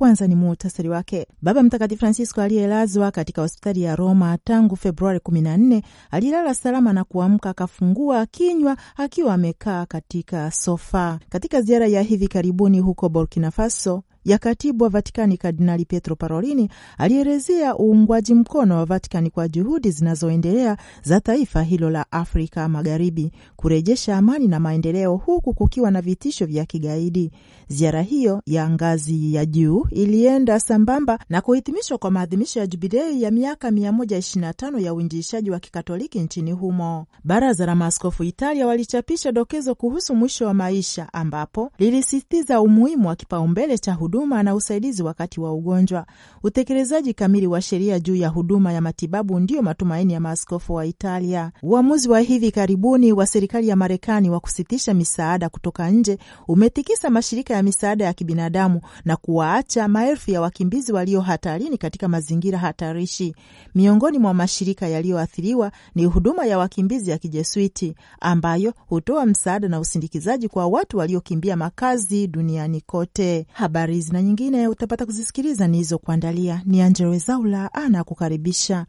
kwanza ni muhtasari wake. Baba Mtakatifu Francisco aliyelazwa katika hospitali ya Roma tangu Februari 14 alilala salama na kuamka akafungua kinywa akiwa amekaa katika sofa. Katika ziara ya hivi karibuni huko Burkina Faso ya katibu wa Vatikani Kardinali Pietro Parolini alielezea uungwaji mkono wa Vatikani kwa juhudi zinazoendelea za taifa hilo la Afrika Magharibi kurejesha amani na maendeleo, huku kukiwa na vitisho vya kigaidi. Ziara hiyo ya ngazi ya juu ilienda sambamba na kuhitimishwa kwa maadhimisho ya jubilei ya miaka 125 ya uinjilishaji wa kikatoliki nchini humo. Baraza la Maaskofu Italia walichapisha dokezo kuhusu mwisho wa maisha, ambapo lilisisitiza umuhimu wa kipaumbele cha huduma na usaidizi wakati wa ugonjwa. Utekelezaji kamili wa sheria juu ya huduma ya matibabu ndiyo matumaini ya maaskofu wa Italia. Uamuzi wa hivi karibuni wa serikali serikali ya Marekani wa kusitisha misaada kutoka nje umetikisa mashirika ya misaada ya kibinadamu na kuwaacha maelfu ya wakimbizi walio hatarini katika mazingira hatarishi. Miongoni mwa mashirika yaliyoathiriwa ni huduma ya wakimbizi ya Kijesuiti ambayo hutoa msaada na usindikizaji kwa watu waliokimbia makazi duniani kote. Habari hizi na nyingine utapata kuzisikiliza nilizokuandalia. Ni Angella Rwezaula anakukaribisha.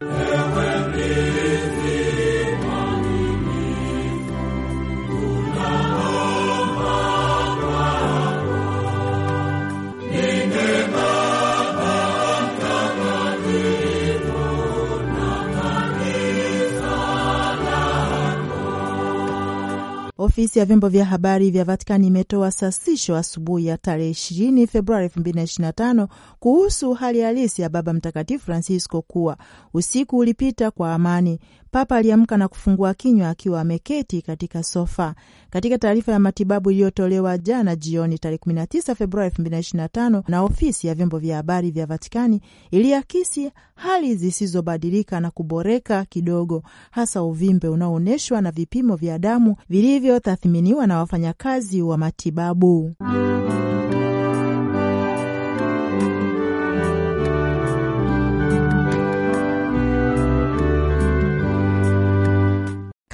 Ofisi ya vyombo vya habari vya Vatikani imetoa sasisho asubuhi ya tarehe 20 Februari 2025 kuhusu hali halisi ya Baba Mtakatifu Francisco kuwa usiku ulipita kwa amani. Papa aliamka na kufungua kinywa akiwa ameketi katika sofa. Katika taarifa ya matibabu iliyotolewa jana jioni tarehe 19 Februari 2025 na ofisi ya vyombo vya habari vya Vatikani, iliakisi hali zisizobadilika na kuboreka kidogo, hasa uvimbe unaoonyeshwa na vipimo vya damu vilivyo kutathiminiwa na wafanyakazi wa matibabu.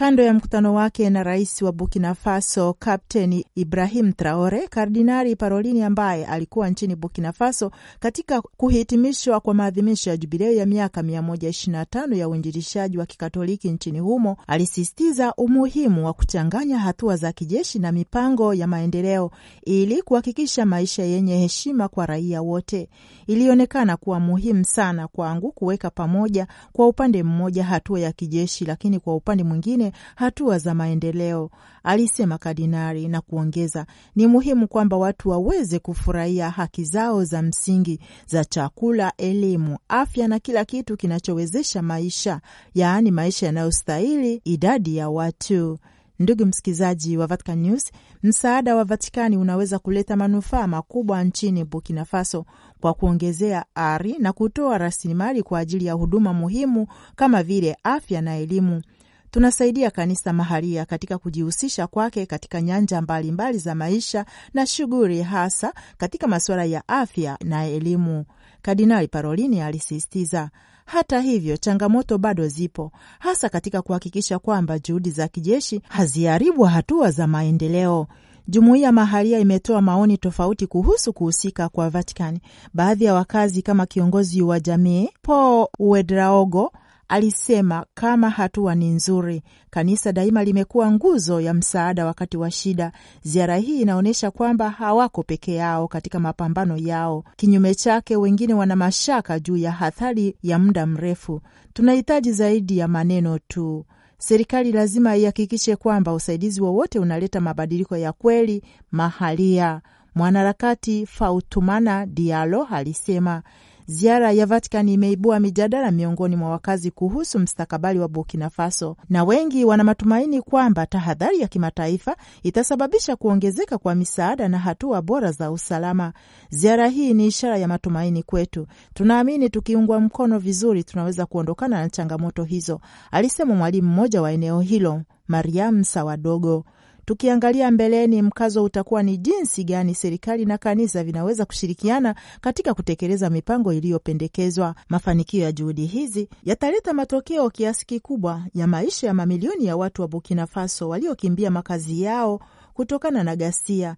Kando ya mkutano wake na rais wa Burkina Faso Kapteni Ibrahim Traore, Kardinali Parolini ambaye alikuwa nchini Burkina Faso katika kuhitimishwa kwa maadhimisho ya jubilei ya miaka 125 ya uinjilishaji wa kikatoliki nchini humo, alisisitiza umuhimu wa kuchanganya hatua za kijeshi na mipango ya maendeleo ili kuhakikisha maisha yenye heshima kwa raia wote. Ilionekana kuwa muhimu sana kwangu kuweka pamoja, kwa upande mmoja, hatua ya kijeshi, lakini kwa upande mwingine hatua za maendeleo, alisema kardinali, na kuongeza, ni muhimu kwamba watu waweze kufurahia haki zao za msingi za chakula, elimu, afya na kila kitu kinachowezesha maisha, yaani maisha yanayostahili idadi ya watu. Ndugu msikilizaji wa Vatican News, msaada wa Vatikani unaweza kuleta manufaa makubwa nchini Burkina Faso kwa kuongezea ari na kutoa rasilimali kwa ajili ya huduma muhimu kama vile afya na elimu tunasaidia kanisa mahalia katika kujihusisha kwake katika nyanja mbalimbali mbali za maisha na shughuli, hasa katika masuala ya afya na elimu. Kardinali Parolini alisisitiza. Hata hivyo, changamoto bado zipo, hasa katika kuhakikisha kwamba juhudi za kijeshi haziharibu hatua za maendeleo. Jumuiya mahalia imetoa maoni tofauti kuhusu kuhusika kwa Vatikani. Baadhi ya wakazi kama kiongozi wa jamii Paul Uedraogo Alisema kama hatua ni nzuri. Kanisa daima limekuwa nguzo ya msaada wakati wa shida. Ziara hii inaonyesha kwamba hawako peke yao katika mapambano yao. Kinyume chake, wengine wana mashaka juu ya hathari ya muda mrefu. Tunahitaji zaidi ya maneno tu. Serikali lazima ihakikishe kwamba usaidizi wowote unaleta mabadiliko ya kweli mahalia. Mwanaharakati Fautumana Diallo alisema Ziara ya Vatican imeibua mijadala miongoni mwa wakazi kuhusu mstakabali wa Burkina Faso, na wengi wana matumaini kwamba tahadhari ya kimataifa itasababisha kuongezeka kwa misaada na hatua bora za usalama. Ziara hii ni ishara ya matumaini kwetu. Tunaamini tukiungwa mkono vizuri, tunaweza kuondokana na changamoto hizo, alisema mwalimu mmoja wa eneo hilo, Mariam Sawadogo. Tukiangalia mbeleni, mkazo utakuwa ni jinsi gani serikali na kanisa vinaweza kushirikiana katika kutekeleza mipango iliyopendekezwa. Mafanikio ya juhudi hizi yataleta matokeo kiasi kikubwa ya maisha ya mamilioni ya watu wa Burkina Faso waliokimbia makazi yao kutokana na ghasia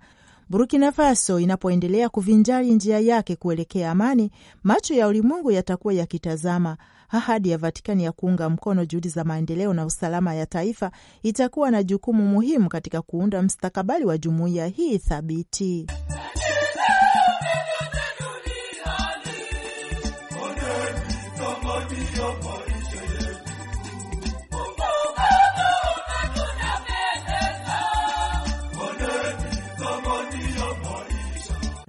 Burkina Faso inapoendelea kuvinjari njia yake kuelekea amani, macho ya ulimwengu yatakuwa yakitazama ahadi ya Vatikani ya kuunga mkono juhudi za maendeleo na usalama ya taifa itakuwa na jukumu muhimu katika kuunda mstakabali wa jumuiya hii thabiti.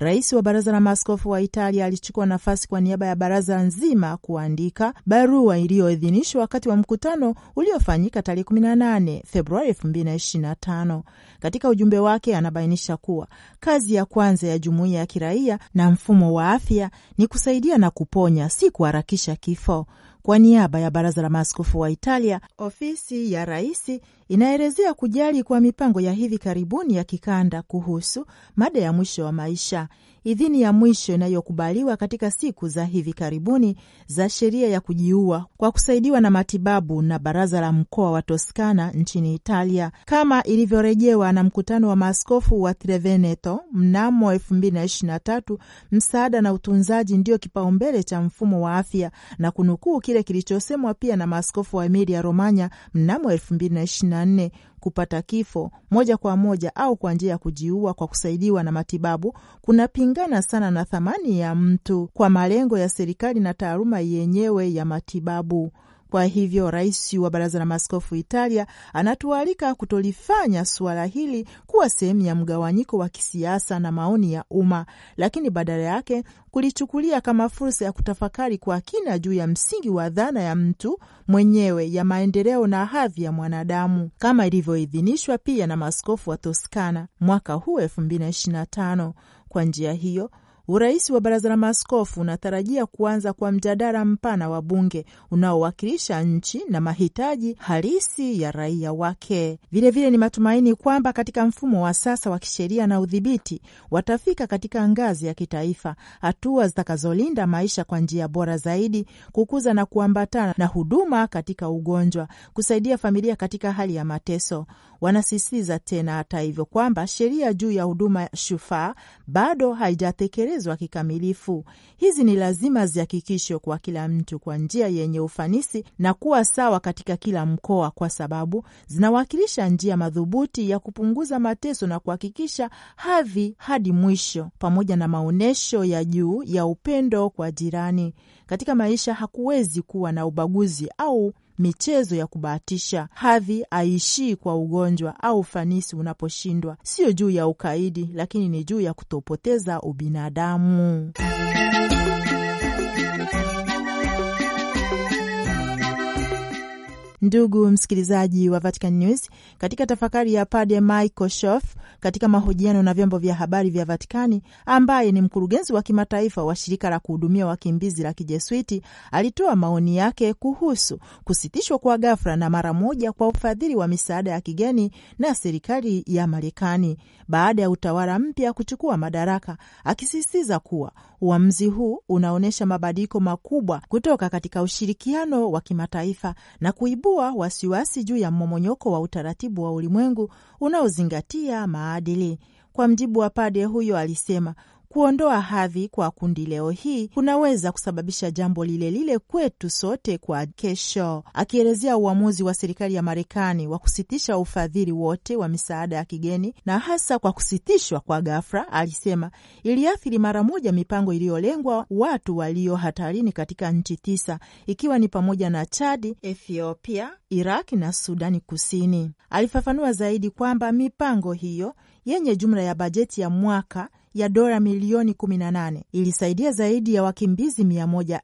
Rais wa Baraza la Maaskofu wa Italia alichukua nafasi kwa niaba ya baraza nzima kuandika barua iliyoidhinishwa wakati wa mkutano uliofanyika tarehe 18 Februari 2025. Katika ujumbe wake anabainisha kuwa kazi ya kwanza ya jumuiya ya kiraia na mfumo wa afya ni kusaidia na kuponya, si kuharakisha kifo. Kwa niaba ya Baraza la Maaskofu wa Italia, ofisi ya raisi inaelezea kujali kwa mipango ya hivi karibuni ya kikanda kuhusu mada ya mwisho wa maisha, idhini ya mwisho inayokubaliwa katika siku za hivi karibuni za sheria ya kujiua kwa kusaidiwa na matibabu na baraza la mkoa wa Toskana nchini Italia, kama ilivyorejewa na mkutano wa maaskofu wa Treveneto mnamo 2023. Msaada na utunzaji ndio kipaumbele cha mfumo wa afya, na kunukuu kile kilichosemwa pia na maaskofu wa Emilia Romanya mnamo 2023 nne kupata kifo moja kwa moja au kwa njia ya kujiua kwa kusaidiwa na matibabu kunapingana sana na thamani ya mtu kwa malengo ya serikali na taaluma yenyewe ya matibabu. Kwa hivyo rais wa baraza la maaskofu Italia anatualika kutolifanya suala hili kuwa sehemu ya mgawanyiko wa kisiasa na maoni ya umma, lakini badala yake kulichukulia kama fursa ya kutafakari kwa kina juu ya msingi wa dhana ya mtu mwenyewe ya maendeleo na hadhi ya mwanadamu kama ilivyoidhinishwa pia na maaskofu wa Toskana mwaka huu elfu Kwa njia hiyo Urais wa Baraza la Maaskofu unatarajia kuanza kwa mjadala mpana wa bunge unaowakilisha nchi na mahitaji halisi ya raia wake. Vilevile vile ni matumaini kwamba katika mfumo wa sasa wa kisheria na udhibiti watafika katika ngazi ya kitaifa hatua zitakazolinda maisha kwa njia bora zaidi, kukuza na kuambatana na huduma katika ugonjwa, kusaidia familia katika hali ya mateso Wanasisitiza tena hata hivyo kwamba sheria juu ya huduma shufaa bado haijatekelezwa kikamilifu. Hizi ni lazima zihakikishwe kwa kila mtu kwa njia yenye ufanisi na kuwa sawa katika kila mkoa, kwa sababu zinawakilisha njia madhubuti ya kupunguza mateso na kuhakikisha hadhi hadi mwisho, pamoja na maonyesho ya juu ya upendo kwa jirani. Katika maisha hakuwezi kuwa na ubaguzi au michezo ya kubahatisha. Hadhi aishii kwa ugonjwa au ufanisi unaposhindwa, siyo juu ya ukaidi, lakini ni juu ya kutopoteza ubinadamu. Ndugu msikilizaji wa Vatican News, katika tafakari ya Padre Michael Schof katika mahojiano na vyombo vya habari vya Vatikani, ambaye ni mkurugenzi wa kimataifa wa shirika la kuhudumia wakimbizi la Kijesuiti, alitoa maoni yake kuhusu kusitishwa kwa ghafla na mara moja kwa ufadhili wa misaada ya kigeni na serikali ya Marekani baada ya utawala mpya kuchukua madaraka, akisisitiza kuwa uamuzi huu unaonyesha mabadiliko makubwa kutoka katika ushirikiano wa kimataifa na kuibu kuwa wasiwasi juu ya mmomonyoko wa utaratibu wa ulimwengu unaozingatia maadili. Kwa mjibu wa pade huyo, alisema Kuondoa hadhi kwa kundi leo hii kunaweza kusababisha jambo lile lile kwetu sote kwa kesho. Akielezea uamuzi wa serikali ya Marekani wa kusitisha ufadhili wote wa misaada ya kigeni na hasa kwa kusitishwa kwa ghafla, alisema iliathiri mara moja mipango iliyolengwa watu walio hatarini katika nchi tisa, ikiwa ni pamoja na Chadi, Ethiopia, Iraq na Sudani Kusini. Alifafanua zaidi kwamba mipango hiyo yenye jumla ya bajeti ya mwaka ya dola milioni 18 ilisaidia zaidi ya wakimbizi mia moja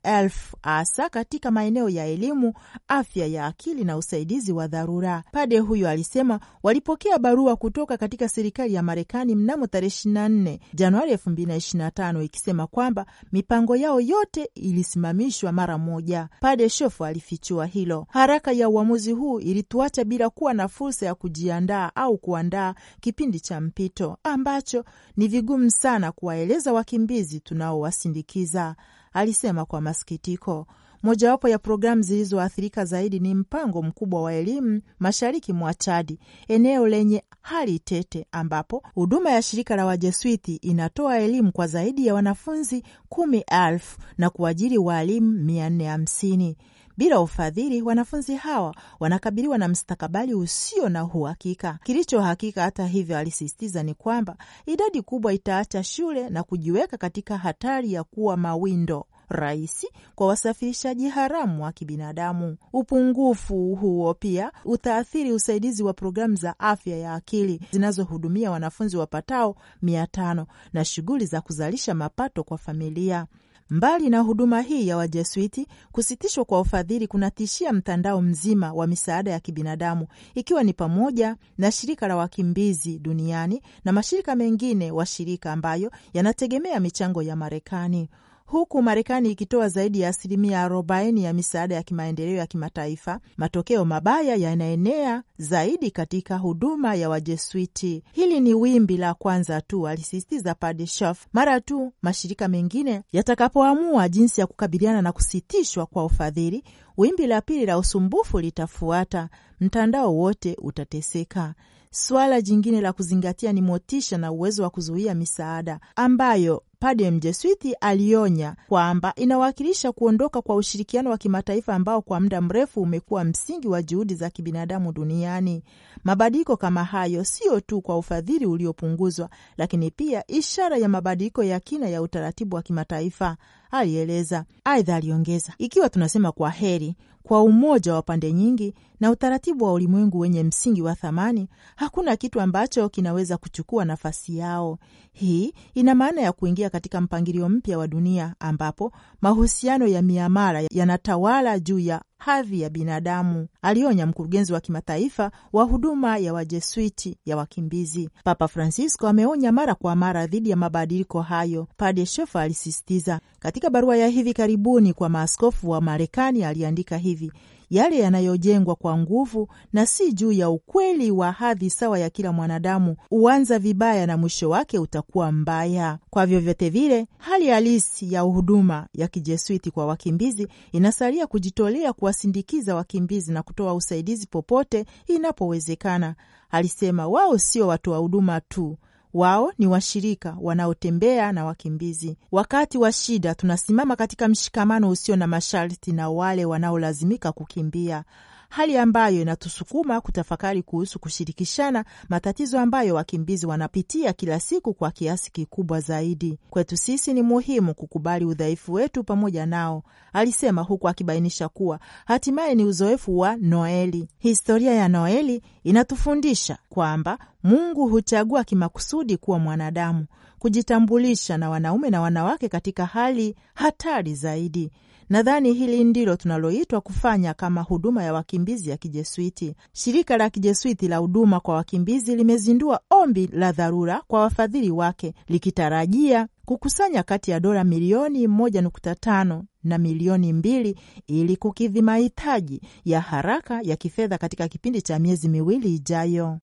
hasa katika maeneo ya elimu, afya ya akili na usaidizi wa dharura. Pade huyo alisema walipokea barua kutoka katika serikali ya Marekani mnamo tarehe 24 Januari 2025 ikisema kwamba mipango yao yote ilisimamishwa mara moja. Pade Shofu alifichua hilo. Haraka ya uamuzi huu ilituacha bila kuwa na fursa ya kujiandaa au kuandaa kipindi cha mpito ambacho ni vigumu sana kuwaeleza wakimbizi tunaowasindikiza, alisema kwa masikitiko. Mojawapo ya programu zilizoathirika zaidi ni mpango mkubwa wa elimu mashariki mwa Chadi, eneo lenye hali tete, ambapo huduma ya shirika la Wajesuiti inatoa elimu kwa zaidi ya wanafunzi kumi elfu na kuajiri waalimu mia nne hamsini. Bila ufadhili, wanafunzi hawa wanakabiliwa na mstakabali usio na uhakika. Kilicho hakika, hata hivyo, alisisitiza, ni kwamba idadi kubwa itaacha shule na kujiweka katika hatari ya kuwa mawindo rahisi kwa wasafirishaji haramu wa kibinadamu. Upungufu huo pia utaathiri usaidizi wa programu za afya ya akili zinazohudumia wanafunzi wapatao mia tano na shughuli za kuzalisha mapato kwa familia. Mbali na huduma hii ya Wajesuiti, kusitishwa kwa ufadhili kunatishia mtandao mzima wa misaada ya kibinadamu, ikiwa ni pamoja na shirika la wakimbizi duniani na mashirika mengine washirika ambayo yanategemea michango ya Marekani huku Marekani ikitoa zaidi ya asilimia 40 ya misaada ya kimaendeleo ya kimataifa, matokeo mabaya yanaenea zaidi katika huduma ya Wajesuiti. Hili ni wimbi la kwanza tu, alisisitiza Padre mara tu mashirika mengine yatakapoamua jinsi ya kukabiliana na kusitishwa kwa ufadhili. Wimbi la pili la usumbufu litafuata, mtandao wote utateseka. Suala jingine la kuzingatia ni motisha na uwezo wa kuzuia misaada ambayo Padre mjeswiti alionya kwamba inawakilisha kuondoka kwa ushirikiano wa kimataifa ambao kwa muda mrefu umekuwa msingi wa juhudi za kibinadamu duniani. Mabadiliko kama hayo sio tu kwa ufadhili uliopunguzwa, lakini pia ishara ya mabadiliko ya kina ya utaratibu wa kimataifa alieleza. Aidha aliongeza, ikiwa tunasema kwa heri kwa umoja wa pande nyingi na utaratibu wa ulimwengu wenye msingi wa thamani, hakuna kitu ambacho kinaweza kuchukua nafasi yao. Hii ina maana ya kuingia katika mpangilio mpya wa dunia ambapo mahusiano ya miamala yanatawala juu ya hadhi ya binadamu, alionya mkurugenzi wa kimataifa wa huduma ya wajesuiti ya wakimbizi. Papa Francisco ameonya mara kwa mara dhidi ya mabadiliko hayo. Padre Shefa alisisitiza katika barua ya hivi karibuni kwa maaskofu wa Marekani, aliandika hivi: yale yanayojengwa kwa nguvu na si juu ya ukweli wa hadhi sawa ya kila mwanadamu huanza vibaya na mwisho wake utakuwa mbaya. Kwa vyovyote vile, hali halisi ya huduma ya kijesuiti kwa wakimbizi inasalia kujitolea kuwasindikiza wakimbizi na kutoa usaidizi popote inapowezekana, alisema. Wao sio watoa huduma tu, wao ni washirika wanaotembea na wakimbizi. Wakati wa shida, tunasimama katika mshikamano usio na masharti na wale wanaolazimika kukimbia hali ambayo inatusukuma kutafakari kuhusu kushirikishana matatizo ambayo wakimbizi wanapitia kila siku kwa kiasi kikubwa zaidi. Kwetu sisi ni muhimu kukubali udhaifu wetu pamoja nao, alisema, huku akibainisha kuwa hatimaye ni uzoefu wa Noeli. Historia ya Noeli inatufundisha kwamba Mungu huchagua kimakusudi kuwa mwanadamu kujitambulisha na wanaume na wanawake katika hali hatari zaidi Nadhani hili ndilo tunaloitwa kufanya kama huduma ya wakimbizi ya Kijesuiti. Shirika la Kijesuiti la huduma kwa wakimbizi limezindua ombi la dharura kwa wafadhili wake likitarajia kukusanya kati ya dola milioni moja nukta tano na milioni mbili ili kukidhi mahitaji ya haraka ya kifedha katika kipindi cha miezi miwili ijayo.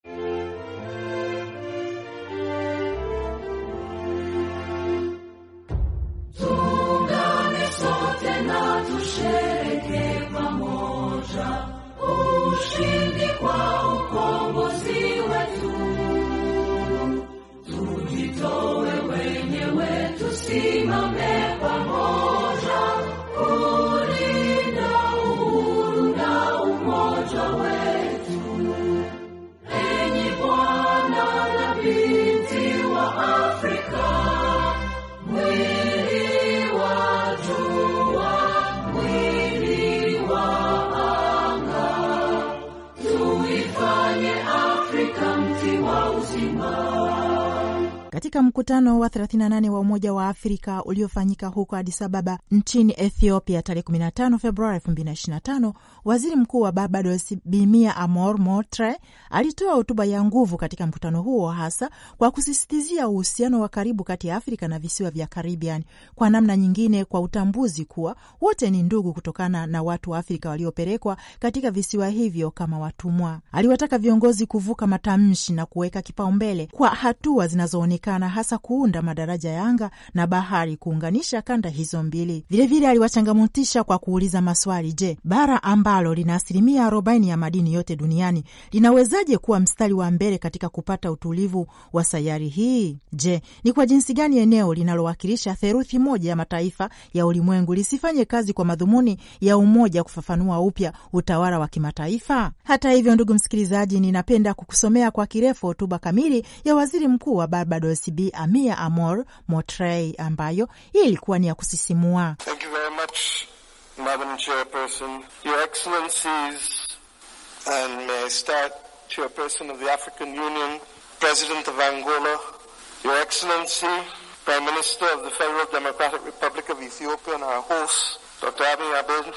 katika mkutano wa 38 wa Umoja wa Afrika uliofanyika huko Addis Ababa nchini Ethiopia tarehe 15 Februari 2025, waziri mkuu wa Barbados Bimia Amor Motre alitoa hotuba ya nguvu katika mkutano huo, hasa kwa kusisitizia uhusiano wa karibu kati ya Afrika na visiwa vya caribian kwa namna nyingine kwa utambuzi kuwa wote ni ndugu kutokana na watu wa Afrika waliopelekwa katika visiwa hivyo kama watumwa. Aliwataka viongozi kuvuka matamshi na kuweka kipaumbele kwa hatua zinazoonekana na hasa kuunda madaraja ya anga na bahari kuunganisha kanda hizo mbili. Vilevile aliwachangamutisha kwa kuuliza maswali: Je, bara ambalo lina asilimia arobaini ya madini yote duniani linawezaje kuwa mstari wa mbele katika kupata utulivu wa sayari hii? Je, ni kwa jinsi gani eneo linalowakilisha theruthi moja ya mataifa ya ulimwengu lisifanye kazi kwa madhumuni ya umoja kufafanua upya utawala wa kimataifa? Hata hivyo, ndugu msikilizaji, ninapenda kukusomea kwa kirefu hotuba kamili ya waziri mkuu wa Barbados Bi Amia Amor Motrey ambayo hii ilikuwa ni ya kusisimua. Thank you very much, Madam Chairperson. Your Excellencies, and may I start, Chairperson of the African Union, President of Angola, Your Excellency, Prime Minister of the Federal Democratic Republic of Ethiopia and our host, Dr. Abiy Ahmed,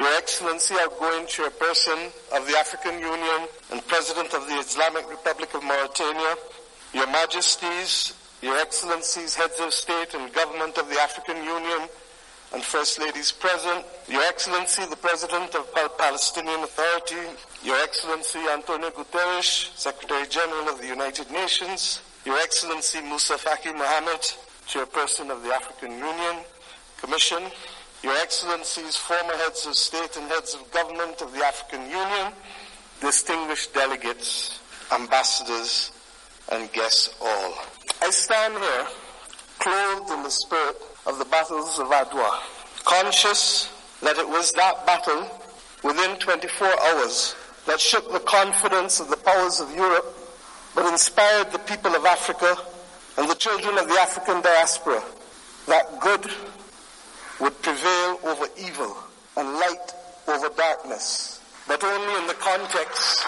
Your Excellency, outgoing Chairperson of the African Union and President of the Islamic Republic of Mauritania, Your Majesties, Your Excellencies, Heads of State and Government of the African Union, and First Ladies present, Your Excellency, the President of Pal- Palestinian Authority, Your Excellency Antonio Guterres, Secretary General of the United Nations, Your Excellency Musafaki Faki Mohammed, Chairperson of the African Union Commission, Your Excellencies, former Heads of State and Heads of Government of the African Union, distinguished delegates, ambassadors, and guess all. I stand here clothed in the spirit of the battles of Adwa, conscious that it was that battle within 24 hours that shook the confidence of the powers of Europe, but inspired the people of Africa and the children of the African diaspora that good would prevail over evil and light over darkness, but only in the context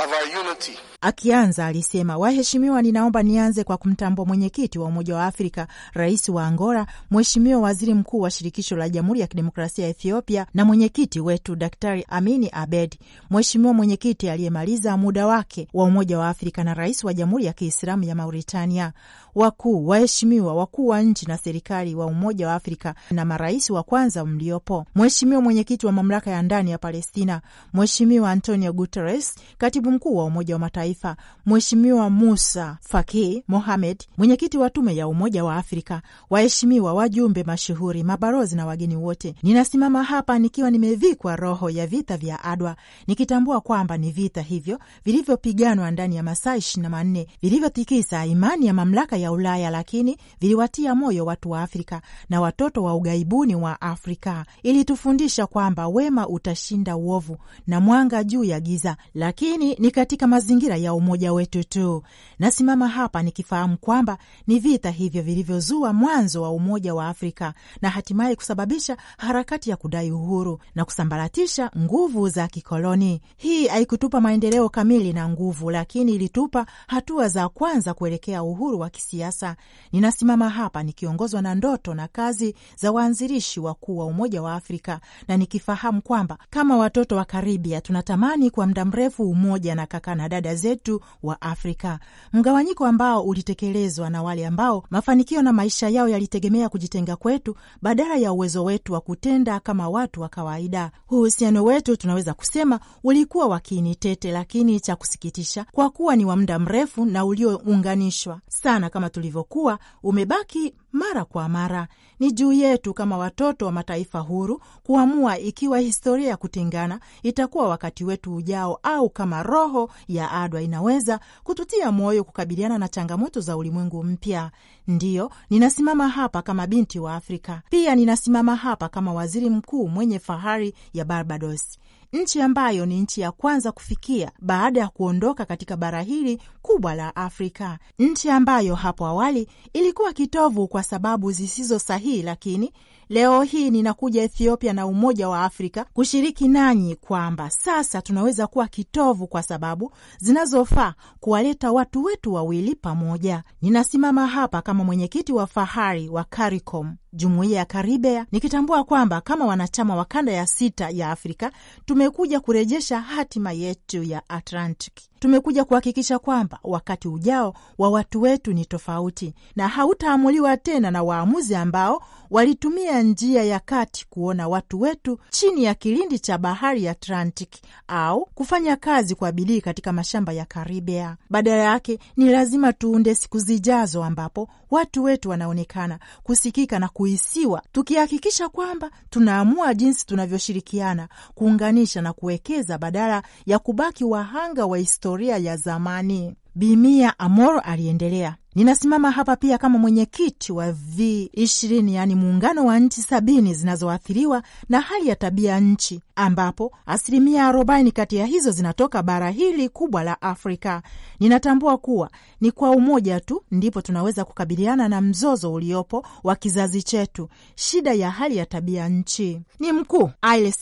of our unity. Akianza alisema, waheshimiwa, ninaomba nianze kwa kumtambua mwenyekiti wa Umoja wa Afrika, rais wa Angola, mheshimiwa waziri mkuu wa shirikisho la Jamhuri ya Kidemokrasia ya Ethiopia na mwenyekiti wetu Daktari Amini Abedi, mheshimiwa mwenyekiti aliyemaliza muda wake wa Umoja wa Afrika na rais wa Jamhuri ya Kiislamu ya Mauritania, wakuu, waheshimiwa wakuu wa nchi na serikali wa Umoja wa Afrika na marais wa kwanza mliopo, mheshimiwa mwenyekiti wa mamlaka ya ndani ya Palestina, mheshimiwa Antonio Guterres, katibu mkuu wa Umoja wa Mataifa Mataifa Mheshimiwa Musa Faki Mohamed, mwenyekiti wa Tume ya Umoja wa Afrika, waheshimiwa wajumbe mashuhuri, mabalozi na wageni wote, ninasimama hapa nikiwa nimevikwa roho ya vita vya Adwa, nikitambua kwamba ni vita hivyo vilivyopiganwa ndani ya masaa ishirini na manne vilivyotikisa imani ya mamlaka ya Ulaya, lakini viliwatia moyo watu wa Afrika na watoto wa ugaibuni wa Afrika. Ilitufundisha kwamba wema utashinda uovu na mwanga juu ya giza, lakini ni katika mazingira taswira ya umoja wetu tu. Nasimama hapa nikifahamu kwamba ni vita hivyo vilivyozua mwanzo wa umoja wa Afrika na hatimaye kusababisha harakati ya kudai uhuru na kusambaratisha nguvu za kikoloni. Hii haikutupa maendeleo kamili na nguvu, lakini ilitupa hatua za kwanza kuelekea uhuru wa kisiasa. Ninasimama hapa nikiongozwa na ndoto na kazi za waanzilishi wakuu wa umoja wa Afrika na nikifahamu kwamba kama watoto wa Karibia tunatamani kwa muda mrefu umoja na kaka na dada wenzetu wa Afrika, mgawanyiko ambao ulitekelezwa na wale ambao mafanikio na maisha yao yalitegemea kujitenga kwetu badala ya uwezo wetu wa kutenda kama watu wa kawaida. Uhusiano wetu tunaweza kusema ulikuwa wa kiini tete, lakini cha kusikitisha, kwa kuwa ni wa muda mrefu na uliounganishwa sana kama tulivyokuwa, umebaki mara kwa mara. Ni juu yetu kama watoto wa mataifa huru kuamua ikiwa historia ya kutengana itakuwa wakati wetu ujao, au kama roho ya Adwa inaweza kututia moyo kukabiliana na changamoto za ulimwengu mpya. Ndiyo, ninasimama hapa kama binti wa Afrika. Pia ninasimama hapa kama waziri mkuu mwenye fahari ya Barbados nchi ambayo ni nchi ya kwanza kufikia baada ya kuondoka katika bara hili kubwa la Afrika, nchi ambayo hapo awali ilikuwa kitovu kwa sababu zisizo sahihi, lakini leo hii ninakuja Ethiopia na Umoja wa Afrika kushiriki nanyi kwamba sasa tunaweza kuwa kitovu kwa sababu zinazofaa kuwaleta watu wetu wawili pamoja. Ninasimama hapa kama mwenyekiti wa fahari wa CARICOM jumuiya ya Karibea, nikitambua kwamba kama wanachama wa kanda ya sita ya Afrika tumekuja kurejesha hatima yetu ya Atlantic. Tumekuja kuhakikisha kwamba wakati ujao wa watu wetu ni tofauti na hautaamuliwa tena na waamuzi ambao walitumia njia ya kati kuona watu wetu chini ya kilindi cha bahari ya Atlantic au kufanya kazi kwa bidii katika mashamba ya Karibea. Badala yake, ni lazima tuunde siku zijazo ambapo watu wetu wanaonekana, kusikika na ku kuhisiwa, tukihakikisha kwamba tunaamua jinsi tunavyoshirikiana, kuunganisha na kuwekeza badala ya kubaki wahanga wa historia ya zamani. Bimia Amoro aliendelea Ninasimama hapa pia kama mwenyekiti wa V ishirini, yaani muungano wa nchi sabini zinazoathiriwa na hali ya tabia nchi, ambapo asilimia arobaini kati ya hizo zinatoka bara hili kubwa la Afrika. Ninatambua kuwa ni kwa umoja tu ndipo tunaweza kukabiliana na mzozo uliopo wa kizazi chetu, shida ya hali ya tabia nchi. Ni mkuu Haile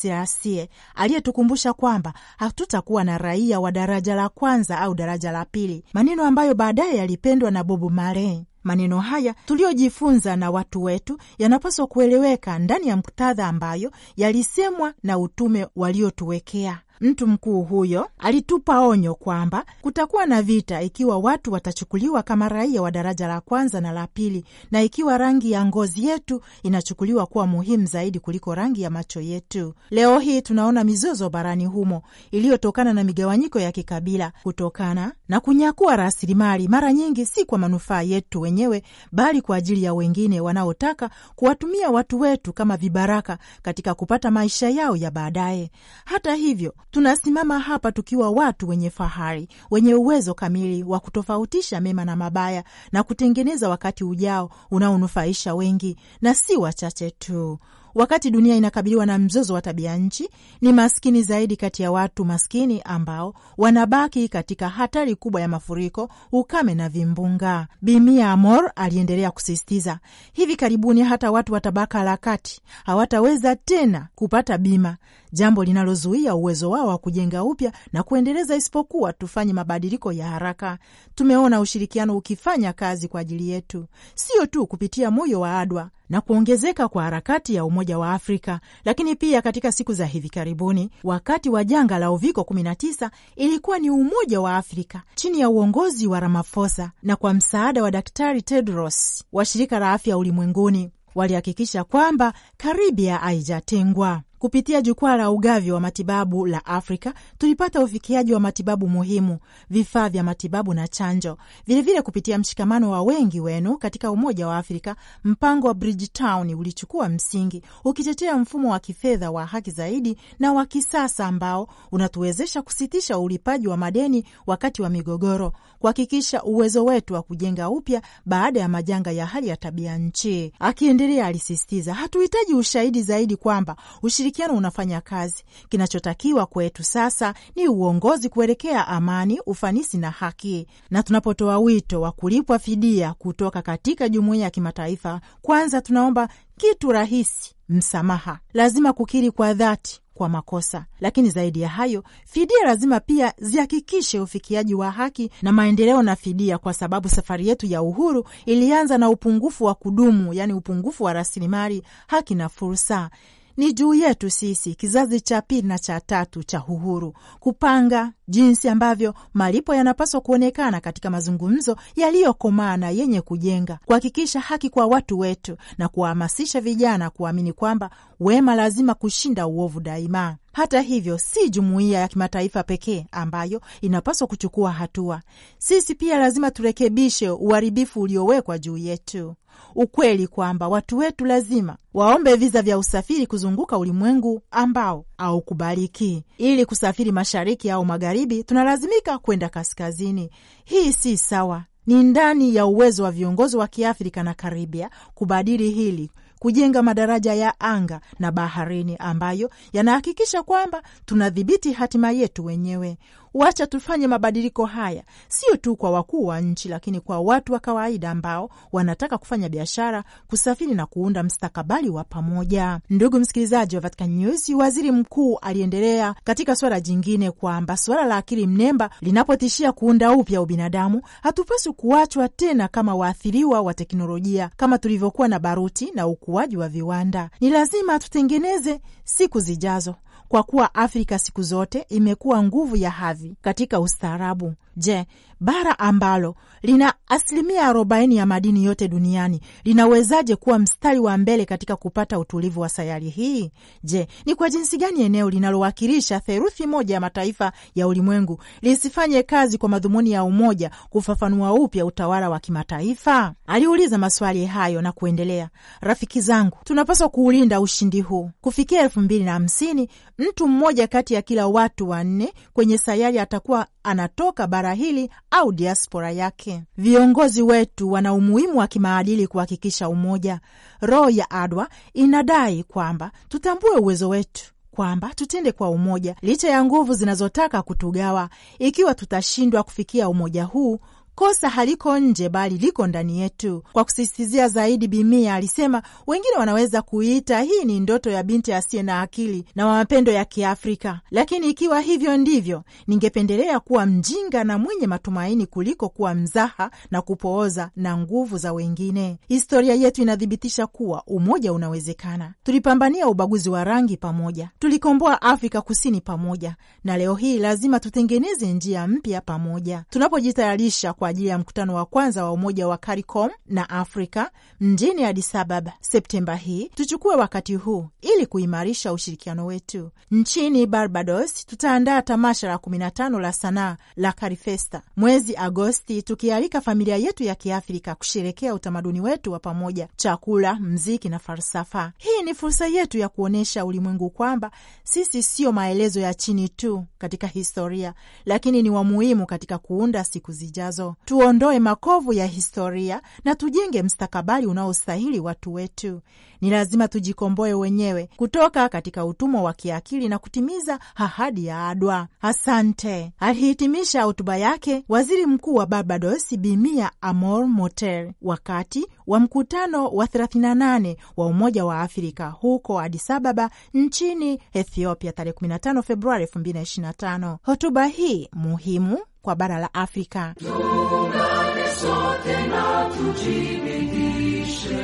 aliyetukumbusha kwamba hatutakuwa na raia wa daraja la kwanza au daraja la pili, maneno ambayo baadaye yalipendwa na Bob Babu Male. Maneno haya tuliyojifunza na watu wetu yanapaswa kueleweka ndani ya muktadha ambayo yalisemwa na utume waliotuwekea. Mtu mkuu huyo alitupa onyo kwamba kutakuwa na vita ikiwa watu watachukuliwa kama raia wa daraja la kwanza na la pili, na ikiwa rangi ya ngozi yetu inachukuliwa kuwa muhimu zaidi kuliko rangi ya macho yetu. Leo hii tunaona mizozo barani humo iliyotokana na migawanyiko ya kikabila, kutokana na kunyakua rasilimali, mara nyingi si kwa manufaa yetu wenyewe, bali kwa ajili ya wengine wanaotaka kuwatumia watu wetu kama vibaraka katika kupata maisha yao ya baadaye. Hata hivyo Tunasimama hapa tukiwa watu wenye fahari, wenye uwezo kamili wa kutofautisha mema na mabaya na kutengeneza wakati ujao unaonufaisha wengi na si wachache tu wakati dunia inakabiliwa na mzozo wa tabia nchi, ni maskini zaidi kati ya watu maskini ambao wanabaki katika hatari kubwa ya mafuriko, ukame na vimbunga. Bimia Amor aliendelea kusisitiza, hivi karibuni hata watu wa tabaka la kati hawataweza tena kupata bima, jambo linalozuia uwezo wao wa kujenga upya na kuendeleza, isipokuwa tufanye mabadiliko ya haraka. Tumeona ushirikiano ukifanya kazi kwa ajili yetu, sio tu kupitia moyo wa Adwa na kuongezeka kwa harakati ya Umoja wa Afrika, lakini pia katika siku za hivi karibuni, wakati wa janga la Uviko 19, ilikuwa ni Umoja wa Afrika chini ya uongozi wa Ramaphosa na kwa msaada wa Daktari Tedros wa Shirika la Afya Ulimwenguni walihakikisha kwamba Karibia haijatengwa. Kupitia jukwaa la ugavi wa matibabu la Afrika tulipata ufikiaji wa matibabu muhimu, vifaa vya matibabu na chanjo. Vilevile, kupitia mshikamano wa wengi wenu katika Umoja wa Afrika, mpango wa Bridgetown ulichukua msingi, ukitetea mfumo wa kifedha wa haki zaidi na wa kisasa ambao unatuwezesha kusitisha ulipaji wa madeni wakati wa migogoro, kuhakikisha uwezo wetu wa kujenga upya baada ya majanga ya hali ya tabia nchi. Akiendelea alisisitiza, hatuhitaji ushahidi zaidi kwamba ushiriki ushirikiano unafanya kazi. Kinachotakiwa kwetu sasa ni uongozi kuelekea amani, ufanisi na haki. Na tunapotoa wito wa kulipwa fidia kutoka katika jumuiya ya kimataifa, kwanza tunaomba kitu rahisi, msamaha. Lazima kukiri kwa dhati kwa makosa, lakini zaidi ya hayo, fidia lazima pia zihakikishe ufikiaji wa haki na maendeleo na fidia, kwa sababu safari yetu ya uhuru ilianza na upungufu wa kudumu, yaani upungufu wa rasilimali, haki na fursa. Ni juu yetu sisi kizazi cha pili na cha tatu cha Uhuru kupanga jinsi ambavyo malipo yanapaswa kuonekana katika mazungumzo yaliyokomaa na yenye kujenga, kuhakikisha haki kwa watu wetu na kuwahamasisha vijana kuamini kwamba wema lazima kushinda uovu daima. Hata hivyo, si jumuiya ya kimataifa pekee ambayo inapaswa kuchukua hatua. Sisi pia lazima turekebishe uharibifu uliowekwa juu yetu ukweli kwamba watu wetu lazima waombe viza vya usafiri kuzunguka ulimwengu ambao haukubaliki. Ili kusafiri mashariki au magharibi, tunalazimika kwenda kaskazini. Hii si sawa. Ni ndani ya uwezo wa viongozi wa Kiafrika na Karibia kubadili hili kujenga madaraja ya anga na baharini ambayo yanahakikisha kwamba tunadhibiti hatima yetu wenyewe. Wacha tufanye mabadiliko haya, sio tu kwa wakuu wa nchi, lakini kwa watu wa kawaida ambao wanataka kufanya biashara, kusafiri na kuunda mstakabali wa pamoja. Ndugu msikilizaji wa Vatican News, waziri mkuu aliendelea katika swala jingine kwamba swala la akili mnemba linapotishia kuunda upya ubinadamu, hatupaswi kuachwa tena kama waathiriwa wa teknolojia kama tulivyokuwa na baruti na ukuaji wa viwanda. Ni lazima tutengeneze siku zijazo kwa kuwa Afrika siku zote imekuwa nguvu ya hadhi katika ustaarabu Je, bara ambalo lina asilimia arobaini ya madini yote duniani linawezaje kuwa mstari wa mbele katika kupata utulivu wa sayari hii? Je, ni kwa jinsi gani eneo linalowakilisha theruthi moja ya mataifa ya ulimwengu lisifanye kazi kwa madhumuni ya umoja kufafanua upya utawala wa kimataifa? Aliuliza maswali hayo na kuendelea, rafiki zangu, tunapaswa kuulinda ushindi huu. Kufikia elfu mbili na hamsini, mtu mmoja kati ya kila watu wanne kwenye sayari atakuwa anatoka bara bara hili au diaspora yake. Viongozi wetu wana umuhimu wa kimaadili kuhakikisha umoja. Roho ya Adwa inadai kwamba tutambue uwezo wetu kwamba tutende kwa umoja licha ya nguvu zinazotaka kutugawa. Ikiwa tutashindwa kufikia umoja huu, Kosa haliko nje bali liko ndani yetu. Kwa kusisitizia zaidi, Bimia alisema wengine wanaweza kuiita hii ni ndoto ya binti asiye na akili na wa mapendo ya Kiafrika, lakini ikiwa hivyo ndivyo, ningependelea kuwa mjinga na mwenye matumaini kuliko kuwa mzaha na kupooza na nguvu za wengine. Historia yetu inathibitisha kuwa umoja unawezekana. Tulipambania ubaguzi wa rangi pamoja, tulikomboa Afrika Kusini pamoja, na leo hii lazima tutengeneze njia mpya pamoja tunapojitayarisha kwa ajili ya mkutano wa kwanza wa Umoja wa CARICOM na Afrika mjini Addis Ababa Septemba hii. Tuchukue wakati huu ili kuimarisha ushirikiano wetu. Nchini Barbados tutaandaa tamasha la 15 la sanaa la Carifesta mwezi Agosti, tukialika familia yetu ya Kiafrika kusherekea utamaduni wetu wa pamoja, chakula, mziki na falsafa. Hii ni fursa yetu ya kuonyesha ulimwengu kwamba sisi sio maelezo ya chini tu katika historia, lakini ni wamuhimu katika kuunda siku zijazo tuondoe makovu ya historia na tujenge mstakabali unaostahili watu wetu. Ni lazima tujikomboe wenyewe kutoka katika utumwa wa kiakili na kutimiza ahadi ya Adwa. Asante. Alihitimisha hotuba yake waziri mkuu wa Barbados Bimia Amor Moter wakati wa mkutano wa 38 wa Umoja wa Afrika huko Addis Ababa nchini Ethiopia tarehe 15 Februari 2025. Hotuba hii muhimu kwa bara la Afrika. Tuungane sote na tujibidishe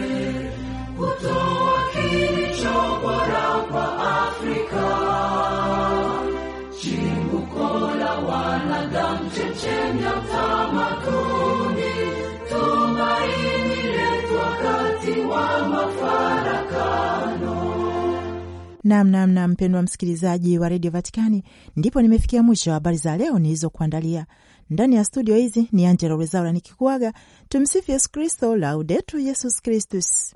kutoa kilicho bora kwa Afrika, chimbuko la wanadamu, chemchemi ya utamaduni Namnamna mpendwa msikilizaji wa redio Vatikani, ndipo nimefikia mwisho wa habari za leo nilizokuandalia. Ndani ya studio hizi ni Angela Rezaura nikikuaga. Tumsifu Yesu Kristo, laudetu Yesus Kristus.